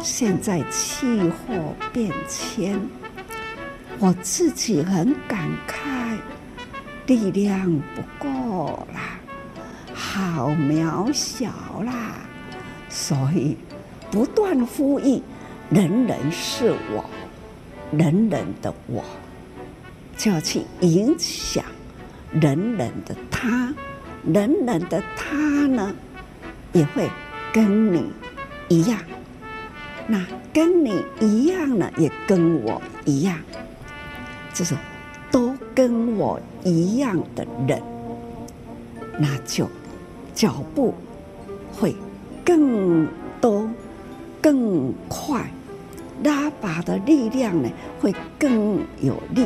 現在氣候變遷，我自己很感慨，力量不夠啦，好渺小啦，所以不斷呼籲，人人是我，人人的我，就要去影響人人的他，人人的他呢，也會跟你一樣。那跟你一樣呢，也跟我一樣，就是都跟我一樣的人，那就腳步會更多、更快，拉拔的力量呢會更有力。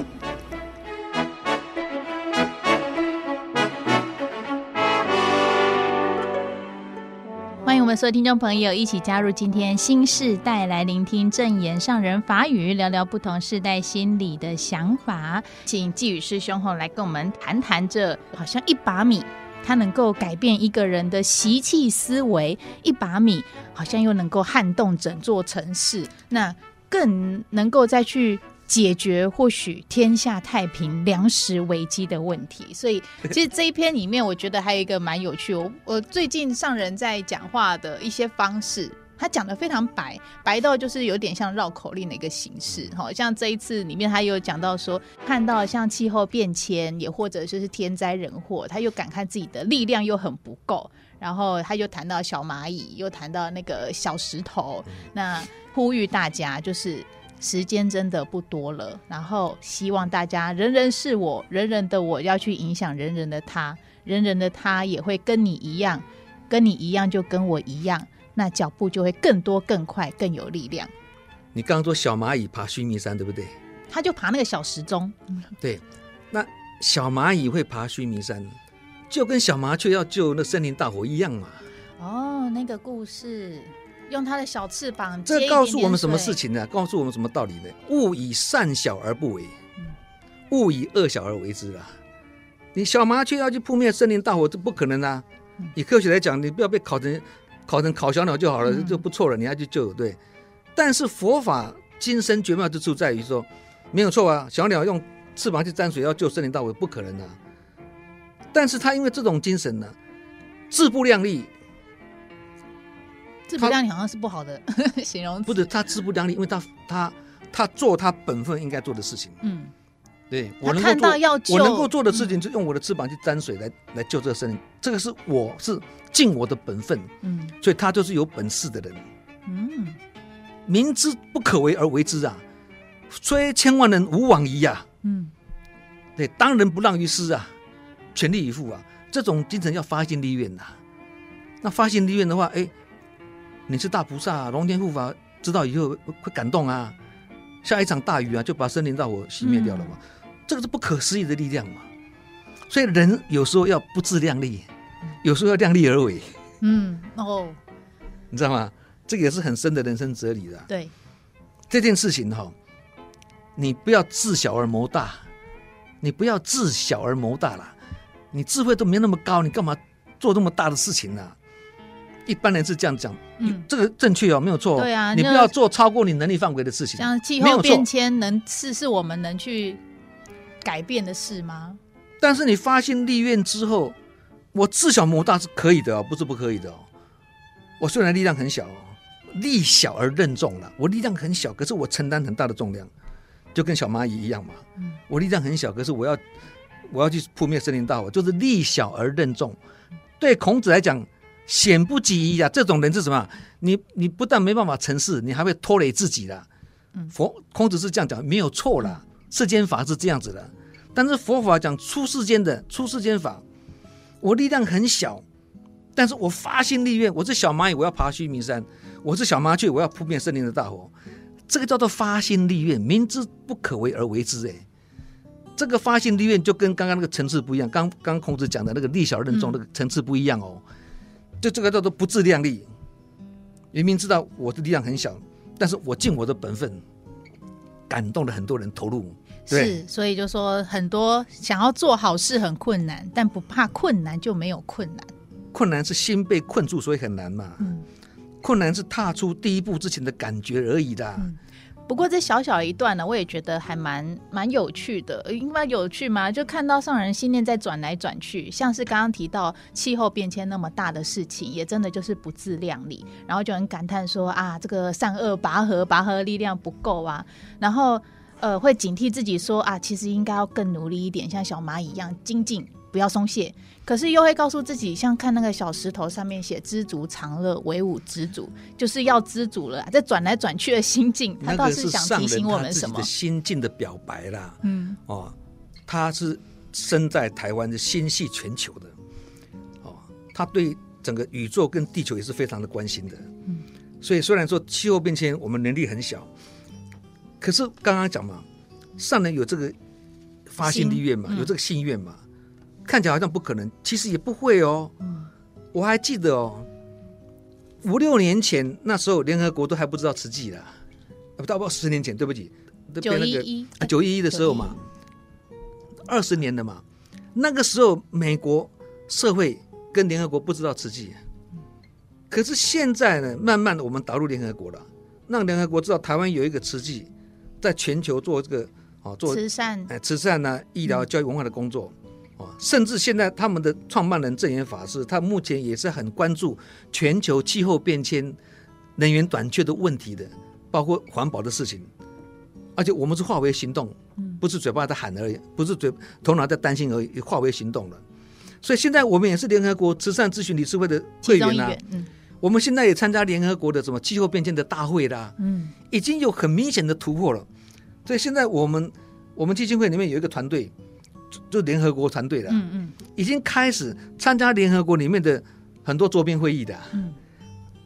所有聽眾朋友，一起加入今天心示代，來聆聽證嚴上人法語，聊聊不同世代心理的想法。請濟雨師兄後來跟我們談談這，這好像一把米，它能夠改變一個人的習氣思維；一把米，好像又能夠撼動整座城市。那更能夠再去。解決或許天下太平、糧食危機的問題，所以其實這一篇裡面，我覺得還有一個蠻有趣。我我最近上人在講話的一些方式，他講得非常白白到，就是有點像繞口令的一個形式。好像這一次裡面他又講到說，看到像氣候變遷，也或者說是天災人禍，他又感嘆自己的力量又很不夠，然後他又談到小螞蟻，又談到那個小石頭，那呼籲大家就是。時間真的不多了，然後希望大家人人是我，人人的我要去影響人人的他，人人的他也會跟你一樣，跟你一樣就跟我一樣，那腳步就會更多、更快、更有力量。你剛剛說小螞蟻爬須彌山，對不對？他就爬那個小時鐘。嗯、對，那小螞蟻會爬須彌山，就跟小麻雀要救那森林大火一樣嘛。哦，那個故事。用他的小翅膀，這告訴我們什麼事情呢？告訴我們什麼道理呢？勿以善小而不為，勿以惡小而為之啦。你小麻雀要去撲滅森林大火，這不可能的、啊。以科學來講，你不要被烤成烤成烤小鳥就好了，就不錯了。你還要去救，對。但是佛法精深絕妙之處在於說，沒有錯啊，小鳥用翅膀去沾水要救森林大火，不可能的、啊。但是他因為這種精神呢、啊，自不量力。自不量力好像是不好的他 形容詞 詞。不是他自不量力，因為他他他做他本分應該做的事情。嗯，對，我能做，看到要我能夠做的事情，嗯、就用我的翅膀去沾水來來救這個生命。這個是我是盡我的本分。嗯，所以他就是有本事的人。嗯，明知不可為而為之啊！雖千萬人吾往矣啊！嗯，對，當仁不讓於師啊！全力以赴啊！這種精神要發心立願吶、啊。那發心立願的話，哎。你是大菩薩、啊，龍天護法知道以後會感動啊！下一場大雨啊，就把森林大火熄滅掉了嘛。嗯、這個是不可思議的力量嘛。所以人有時候要不自量力，有時候要量力而為。嗯，哦，你知道嗎？這個也是很深的人生哲理的、啊。對，這件事情哈、哦，你不要智小而謀大，你不要智小而謀大啦。你智慧都沒那麼高，你幹嘛做那麼大的事情呢、啊？一般人是這樣講，嗯、這個正確哦，沒有錯。對啊，你不要做超過你能力範圍的事情。像氣候變遷，能是是我們能去改變的事嗎？但是你發心立願之後，我自小魔大是可以的哦，不是不可以的哦。我雖然力量很小、哦，力小而任重了。我力量很小，可是我承擔很大的重量，就跟小螞蟻一樣嘛。嗯、我力量很小，可是我要我要去撲滅森林大火，就是力小而任重。對孔子來講。鮮不及矣啊！這種人是什麼？你你不但沒辦法成事，你還會拖累自己的。佛、孔子是這樣講，沒有錯啦。世間法是這樣子的，但是佛法講出世間的出世間法，我力量很小，但是我發心立願，我是小螞蟻，我要爬須彌山；我是小麻雀，我要撲滅森林的大火。這個叫做發心立願，明知不可為而為之、欸。哎，這個發心立願就跟剛剛那個層次不一樣，剛剛孔子講的那個力小任重那個層次不一樣哦。嗯就這個叫做不自量力，明明知道我的力量很小，但是我盡我的本分，感動了很多人，投入。是，所以就說很多想要做好事很困難，但不怕困難就沒有困難。困難是心被困住，所以很難嘛。嗯、困難是踏出第一步之前的感覺而已的。嗯不過這小小一段呢，我也覺得還蠻蠻有趣的，因為有趣嘛，就看到上人心念在轉來轉去，像是剛剛提到氣候變遷那麼大的事情，也真的就是不自量力，然後就很感嘆說啊，這個善惡拔河，拔河力量不夠啊，然後呃會警惕自己說啊，其實應該要更努力一點，像小螞蟻一樣精進。不要鬆懈，可是又會告訴自己，像看那個小石頭上面寫“知足常樂，唯吾知足”，就是要知足了，這轉來轉去的心境，他倒是想提醒我們什麼？是他心境的表白啦，嗯，哦，他是身在台灣的心繫全球的，哦，他對整個宇宙跟地球也是非常的關心的，嗯，所以雖然說氣候變遷我們能力很小，可是剛剛講嘛，上人有這個發心立願嘛，嗯、有這個心願嘛。看起來好像不可能，其實也不會哦。嗯、我還記得哦，五六年前那時候，聯合國都還不知道慈濟啦，啊、不，到不到十年前？對不起，九一一九一一的時候嘛，二十年了嘛。那個時候，美國社會跟聯合國不知道慈濟，嗯、可是現在呢，慢慢的我們導入聯合國了，讓聯合國知道台灣有一個慈濟，在全球做這個啊，做慈善，哎、呃，慈善呢、啊，醫療、教育、文化的工作。嗯甚至現在，他們的創辦人證嚴法師，他目前也是很關注全球氣候變遷、能源短缺的問題的，包括環保的事情。而且我們是化為行動，不是嘴巴在喊而已，不是嘴頭腦在擔心而已，化為行動了。所以現在我們也是聯合國慈善諮詢理事會的會員吶、啊。我們現在也參加聯合國的什麼氣候變遷的大會啦。已經有很明顯的突破了。所以現在我們我們基金會裡面有一個團隊。就聯合國團隊的，已經開始參加聯合國裡面的很多周邊會議的，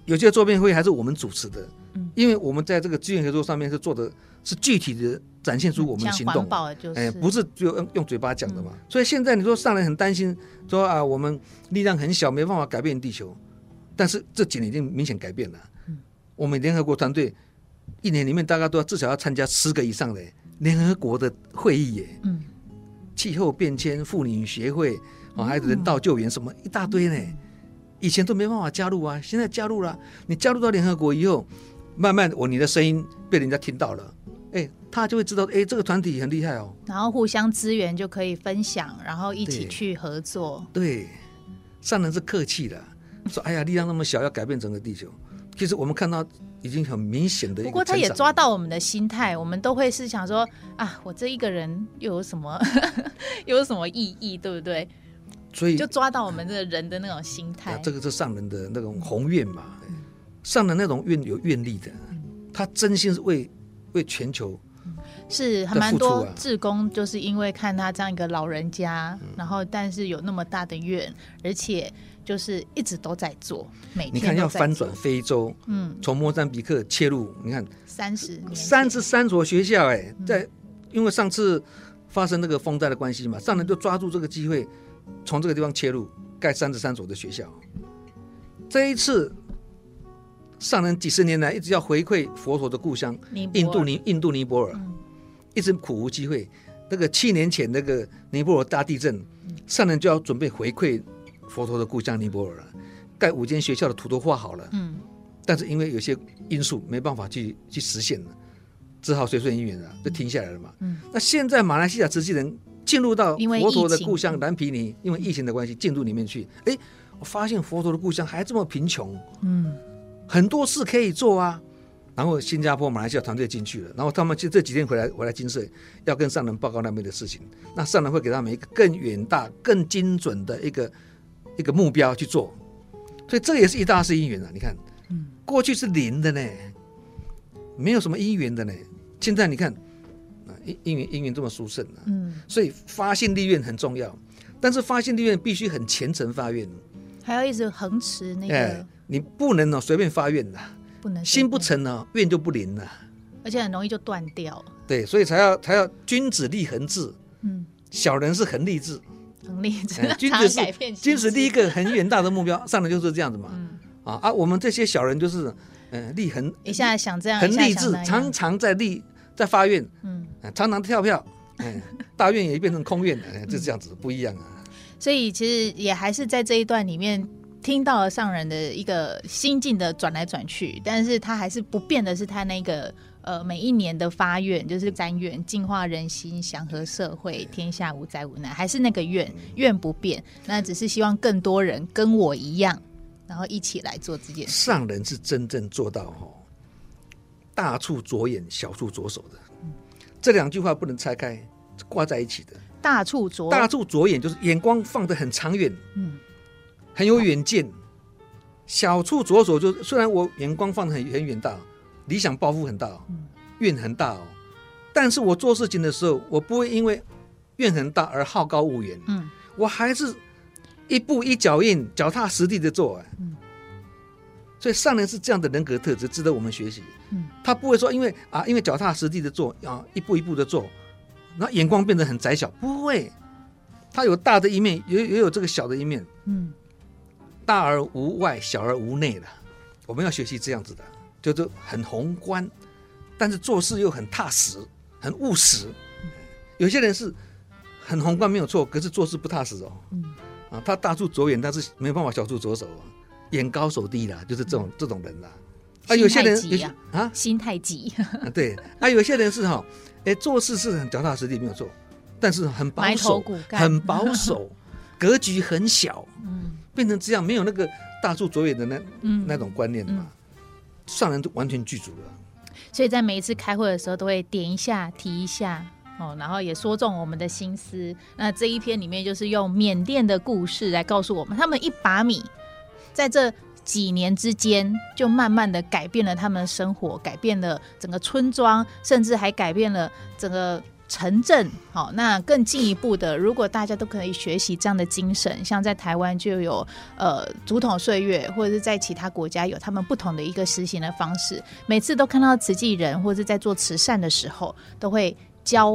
有些周邊會議還是我們主持的，因為我們在這個資源合作上面是做的是具體的展現出我們的行動，哎，不是就用用嘴巴講的嘛。所以現在你說上來很擔心，說啊，我們力量很小，沒辦法改變地球，但是這幾年已經明顯改變了。我們聯合國團隊一年裡面，大概都要至少要參加十個以上的聯合國的會議，耶，嗯嗯嗯氣候變遷、婦女協會，哦，還有人道救援，什麼、哦、一大堆呢、欸？以前都沒辦法加入啊，現在加入了。你加入到聯合國以後，慢慢我你的聲音被人家聽到了，哎、欸，他就會知道，哎、欸，這個團體很厲害哦、喔。然後互相支援就可以分享，然後一起去合作。對，上人是客氣的，說：“哎呀，力量那麼小，要改變整個地球。”其實我們看到已經很明顯的，不過他也抓到我們的心態，我們都會是想說啊，我這一個人又有什麼，呵呵又有什麼意義，對不對？所以就抓到我們這個人的那種心態、啊。這個是上人的那種宏願嘛，嗯、上人那種願有願力的，他真心是為為全球、啊，是還蠻多志工就是因為看他這樣一個老人家，嗯、然後但是有那麼大的願，而且。就是一直都在做，每天你看要翻轉非洲，嗯，從莫桑比克切入，你看三十三十三所學校，欸，哎、嗯，在因為上次發生那個風災的關係嘛，嗯，上人就抓住這個機會，從這個地方切入，蓋三十三所的學校。嗯，這一次，上人幾十年來一直要回饋佛陀的故鄉泊——印度尼印度尼泊爾，嗯，一直苦無機會。那個七年前那個尼泊爾大地震，嗯，上人就要準備回饋。佛陀的故鄉尼泊爾了，蓋五間學校的圖都畫好了，嗯，但是因為有些因素沒辦法去去實現了，只好隨順因緣了，就停下來了嘛。嗯，嗯那現在馬來西亞慈濟人進入到佛陀的故鄉藍毗尼，因為疫情的關係，進入裡面去，哎、欸，我發現佛陀的故鄉還這麼貧窮，嗯，很多事可以做啊。然後新加坡、馬來西亞團隊進去了，然後他們這這幾天回來，回來金色，要跟上人報告那邊的事情，那上人會給他們一個更遠大、更精準的一個。一個目標去做，所以這也是一大事因緣啊！你看，嗯，過去是零的呢，沒有什麼因緣的呢。現在你看啊，因因緣因緣這麼殊勝啊，嗯，所以發心立願很重要，但是發心立願必須很虔誠發願、啊。還要一直恆持那個，哎、你不能哦、喔、隨便發願的，不能心不誠呢，願就不靈了，而且很容易就斷掉。對，所以才要才要君子立恆志，嗯，小人是恆立志。很勵、嗯、 君子是，改變。君子第一個很遠大的目標，上來就是這樣子嘛。嗯、啊我們這些小人就是，嗯，立恆一下想這樣恆立志，常常在立在發願，嗯、啊，常常跳票，嗯、哎，大願也變成空願了、 哎，就是、這樣子不一樣啊、嗯。所以其實也還是在這一段裡面聽到了上人的一個心境的轉來轉去，但是他還是不變的是他那個。呃，每一年的發願就是瞻願，淨化人心，祥和社會，天下無災無難，對還是那個願，願不變。那只是希望更多人跟我一樣，然後一起來做這件事。上人是真正做到哦，大處着眼，小處着手的，嗯、這兩句話不能拆開，掛在一起的。大處着眼，大處着眼就是眼光放得很長遠，嗯，很有遠見。好小處着手，就雖然我眼光放得很很遠大。理想抱負很大哦，願很大哦，但是我做事情的時候，我不會因為願很大而好高騖遠，嗯、我還是一步一腳印，腳踏實地的做，啊。嗯、所以上人是這樣的人格的特質，值得我們學習。嗯、他不會說因為啊，因為腳踏實地的做，啊，一步一步的做，然後眼光變得很窄小。不會，他有大的一面，也也有這個小的一面。嗯，大而無外，小而無內的，我們要學習這樣子的。就是很宏觀，但是做事又很踏實、很務實。有些人是很宏觀沒有錯，可是做事不踏實哦。嗯、啊，他大處着眼，但是沒辦法小處着手、啊、眼高手低啦，就是這種、嗯、這種人啦、啊。啊，有些人啊，啊心太態急 、啊。對。啊，有些人是哈、哦哎，做事是很腳踏實地沒有錯，但是很保守， 很保守，格局很小，嗯、變成這樣，沒有那個大處着眼的那、嗯、那種觀念嘛。嗯上人都完全具足了，所以在每一次開會的時候，都會點一下、提一下哦，然後也說中我們的心思。那這一篇裡面，就是用緬甸的故事來告訴我們，他們一把米，在這幾年之間，就慢慢的改變了他們的生活，改變了整個村莊，甚至還改變了整個。城鎮好，那更進一步的，如果大家都可以學習這樣的精神，像在台灣就有呃竹筒歲月，或者是在其他國家有他們不同的一個實行的方式。每次都看到慈濟人或者是在做慈善的時候，都會教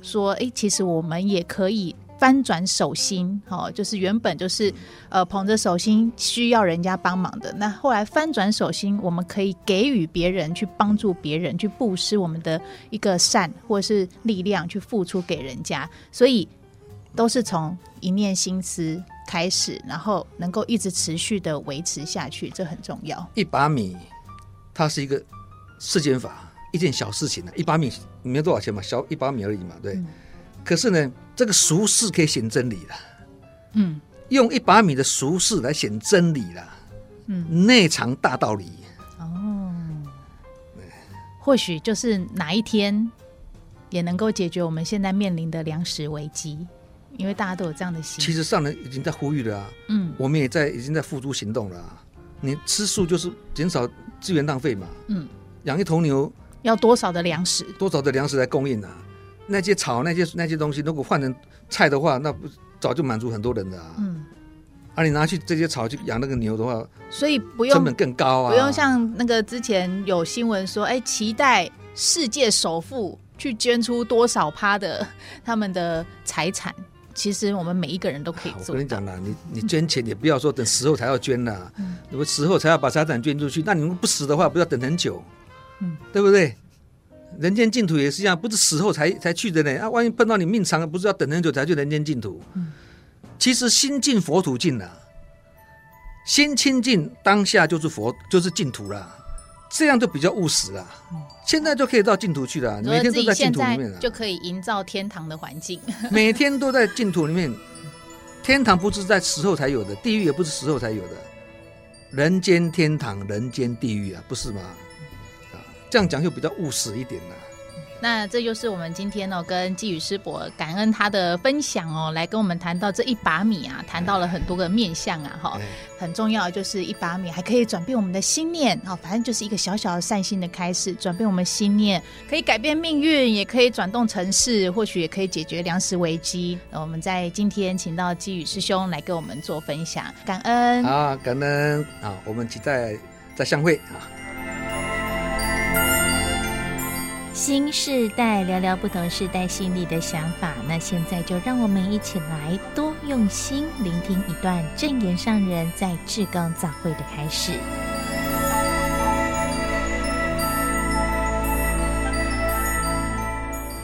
說：“誒、欸，其實我們也可以。”翻轉手心，哦，就是原本就是呃捧着手心需要人家幫忙的，那後來翻轉手心，我們可以給予別人，去幫助別人，去布施我們的一個善或是力量去付出給人家，所以都是從一念心思開始，然後能夠一直持續的維持下去，這很重要。一把米，它是一個世間法，一件小事情呢，啊，一把米你沒有多少錢嘛，小一把米而已嘛，對。嗯可是呢，這個俗世可以顯真理了。嗯，用一把米的俗世來顯真理了。嗯，內藏大道理。哦，對或許就是哪一天，也能夠解決我們現在面臨的糧食危機，因為大家都有這樣的心。其實上人已經在呼籲了啊。嗯，我們也在已經在付諸行動了啊。你吃素就是減少資源浪費嘛。嗯，養一頭牛要多少的糧食？多少的糧食來供應啊？那些草，那些那些東西，如果換成菜的話，那不早就滿足很多人了，啊。嗯，而、啊、你拿去這些草去養那個牛的話，所以不用成本更高啊。不用像那個之前有新聞說，哎、欸，期待世界首富去捐出多少趴的他們的財產。其實我們每一個人都可以做的，啊。我跟你講啦，你你捐錢，也不要說等死後才要捐吶。嗯。如果死後才要把財產捐出去，那你們不死的話，不要等很久，嗯，對不對？人間淨土也是一樣，不是死後才才去的呢。啊，萬一碰到你命長，不是要等很久才去人間淨土？嗯，其實心淨佛土淨了，啊，心清淨當下就是佛，就是淨土了。這樣就比較務實了。嗯，現在就可以到淨土去了，你每天都在淨土裡面，啊，就可以營造天堂的環境。 每天都在淨土裡面，天堂不是在死後才有的，地獄也不是死後才有的。人間天堂，人間地獄啊，不是嗎？這樣講就比較務實一點了，那這就是我們今天哦，跟濟雨師伯感恩他的分享哦，來跟我們談到這一把米啊，談到了很多個面向啊，哈，很重要就是一把米還可以轉變我們的心念哦，反正就是一個小小的善心的開始，轉變我們心念可以改變命運，也可以轉動城市，或許也可以解決糧食危機。那我們在今天請到濟雨師兄來跟我們做分享，感恩啊，感恩啊，我們期待再相會啊。心示代聊聊不同時代心裡的想法。那現在就讓我們一起來多用心聆聽一段證嚴上人在志工早會的開始。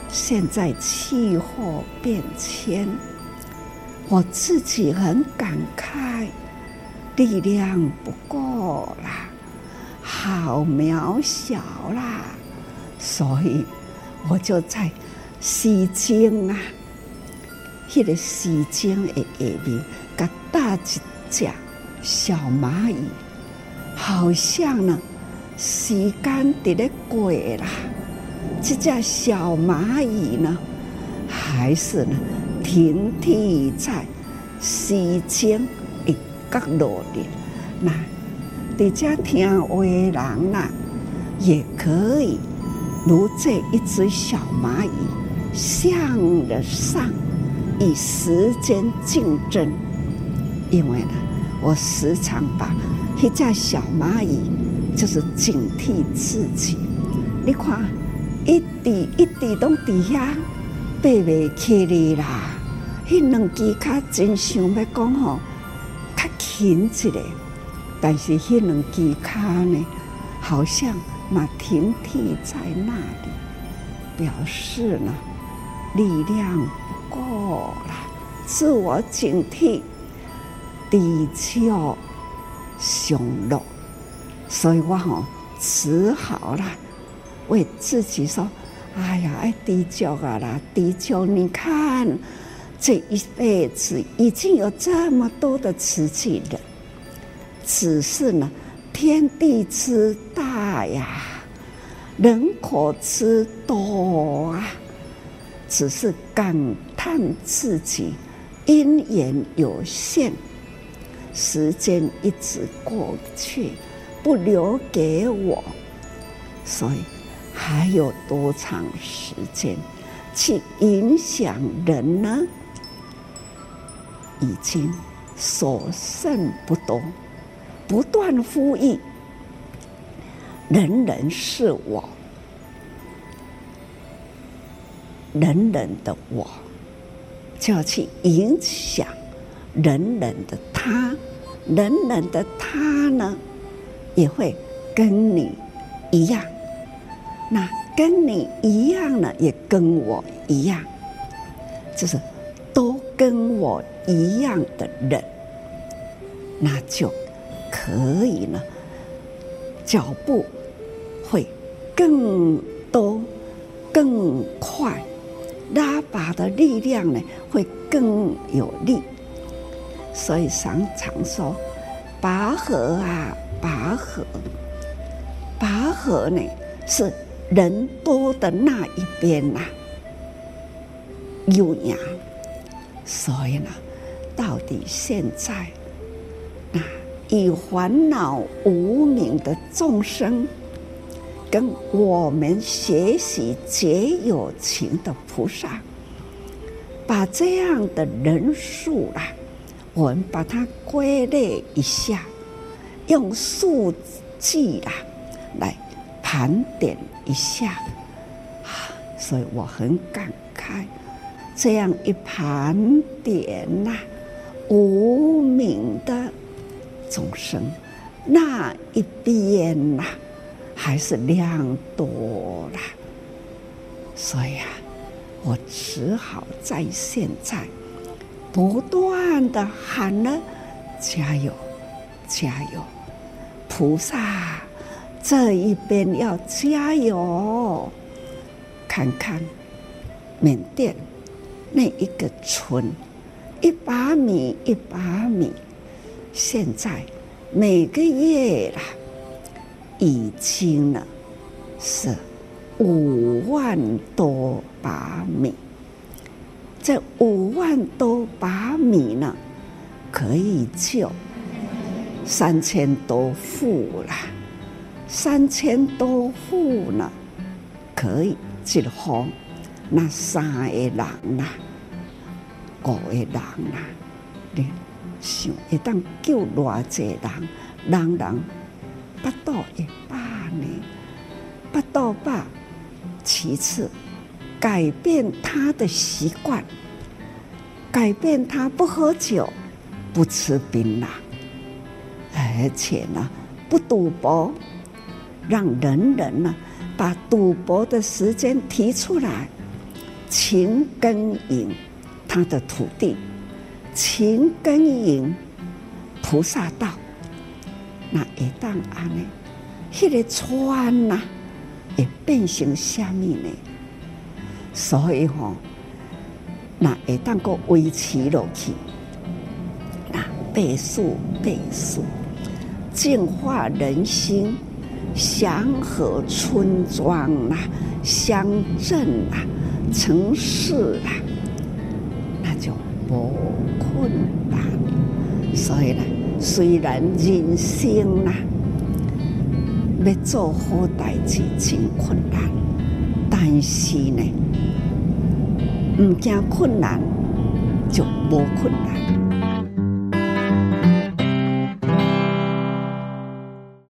現在氣候變遷，我自己很感慨，力量不夠啦，好渺小啦。所以，我就在時間啊，迄、那個時間的下面，甲大只只小螞蟻，好像呢，時間得咧過啦。這隻小螞蟻呢，還是呢，停滯在時間一角落點。那這家聽話的人啦、啊，也可以。如這一隻小螞蟻，向着上與時間競爭，因為呢，我時常把一隻小螞蟻就是警惕自己。你看，一滴一滴都滴下爬不起來啦，那兩隻腳真想要講吼，較勤實嘞，但是那兩隻腳呢，好像。那停替在那裡，表示呢力量不夠了，自我警惕，低調，享樂。所以我哈，只好了，為自己說：“哎呀，愛低調啊啦，低調！你看這一輩子已經有這麼多的瓷器了，只是呢。”天地之大呀，人口之多啊，只是感嘆自己因緣有限，時間一直過去，不留給我，所以還有多長時間去影響人呢？已經所剩不多。不斷呼籲，人人是我，人人的我，就要去影響人人的他，人人的他呢，也會跟你一樣，那跟你一樣呢，也跟我一樣，就是都跟我一樣的人，那就。可以呢，腳步會更多、更快，拉拔的力量呢會更有力。所以常常說，拔河啊，拔河，拔河呢是人多的那一邊吶、啊，有氧、啊。所以呢，到底現在那？啊以煩惱無明的眾生，跟我們學習覺有情的菩薩，把這樣的人數啊，我們把它歸類一下，用數據啊來盤點一下，啊，所以我很感慨，這樣一盤點吶，啊，無明的眾生那一邊吶、啊，還是亮多了。所以啊，我只好在現在不斷的喊了，加油，加油！菩薩這一邊要加油。看看緬甸那一個村，一把米一把米。現在每個月啦，已經呢，是五萬多把米。這五萬多把米呢，可以救三千多戶了。三千多戶呢，可以救活。那三個人吶、啊，五個人吶、啊，對。想一旦救偌濟人，人人不到一百年，不到百，百，其次，改變他的習慣，改變他不喝酒、不吃檳榔，而且呢，不賭博，讓人人呢、啊、把賭博的時間提出來勤耕耘他的土地。勤耕耘，菩薩道。那一旦安呢，迄個川吶、啊，也變成蝦米呢？所以吼、哦，那也當夠維持落去。那倍速倍速，淨化人心，祥和村莊啊，鄉鎮啊，城市啊。無困難，所以呢，雖然人生吶，要做好代誌，真困難，但是呢，唔驚困難，就無困難。